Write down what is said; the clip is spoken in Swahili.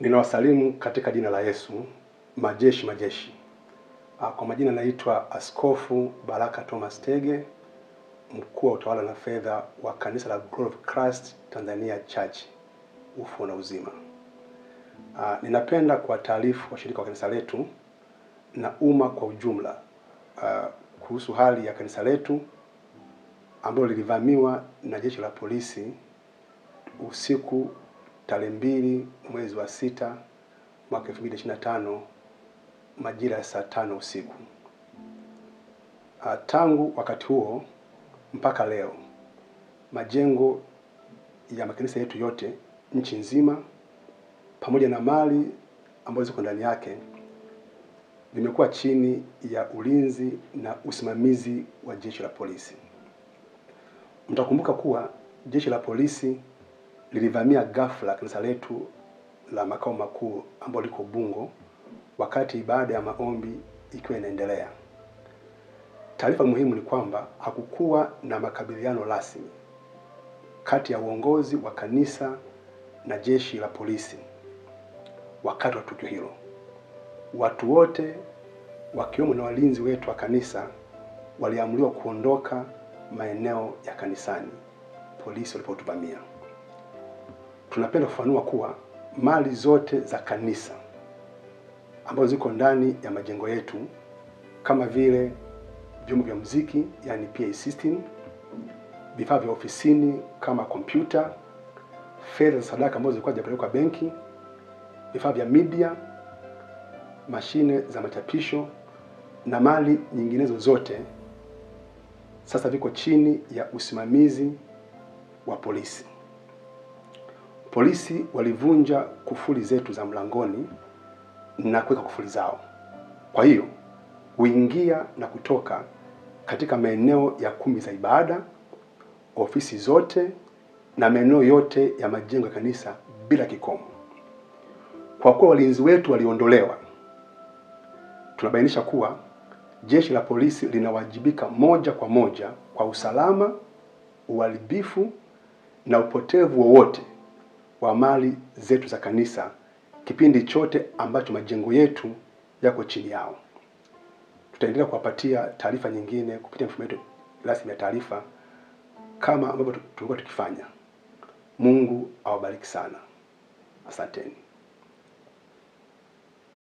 Ninawasalimu katika jina la Yesu. Majeshi majeshi, ah, kwa majina naitwa Askofu Baraka Thomas Tege, mkuu wa utawala na fedha wa kanisa la Glory of Christ Tanzania Church Ufufuo na Uzima. Ah, ninapenda kuwataarifu washirika wa kanisa letu na umma kwa ujumla ah, kuhusu hali ya kanisa letu ambalo lilivamiwa na jeshi la polisi usiku tarehe mbili mwezi wa sita mwaka 2025 majira ya saa tano usiku. Ah, tangu wakati huo mpaka leo majengo ya makanisa yetu yote nchi nzima pamoja na mali ambazo ziko ndani yake vimekuwa chini ya ulinzi na usimamizi wa jeshi la polisi. Mtakumbuka kuwa jeshi la polisi lilivamia ghafla kanisa letu la makao makuu ambalo liko Ubungo wakati ibada ya maombi ikiwa inaendelea. Taarifa muhimu ni kwamba hakukuwa na makabiliano rasmi kati ya uongozi wa kanisa na jeshi la polisi wakati wa tukio hilo. Watu wote wakiwemo na walinzi wetu wa kanisa waliamriwa kuondoka maeneo ya kanisani polisi walipotuvamia tunapenda kufanua kuwa mali zote za kanisa ambazo ziko ndani ya majengo yetu kama vile vyombo vya muziki, yani PA system, vifaa vya ofisini kama kompyuta, fedha za sadaka ambazo zilikuwa zinapelekwa benki, vifaa vya media, mashine za machapisho na mali nyinginezo zote sasa viko chini ya usimamizi wa polisi. Polisi walivunja kufuli zetu za mlangoni na kuweka kufuli zao, kwa hiyo kuingia na kutoka katika maeneo ya kumbi za ibada, ofisi zote na maeneo yote ya majengo ya kanisa bila kikomo. Kwa kuwa walinzi wetu waliondolewa, tunabainisha kuwa jeshi la polisi linawajibika moja kwa moja kwa usalama, uharibifu na upotevu wowote wa mali zetu za kanisa kipindi chote ambacho majengo yetu yako chini yao. Tutaendelea kuwapatia taarifa nyingine kupitia mfumo wetu rasmi ya taarifa kama ambavyo tulikuwa tukifanya. Mungu awabariki sana. Asanteni.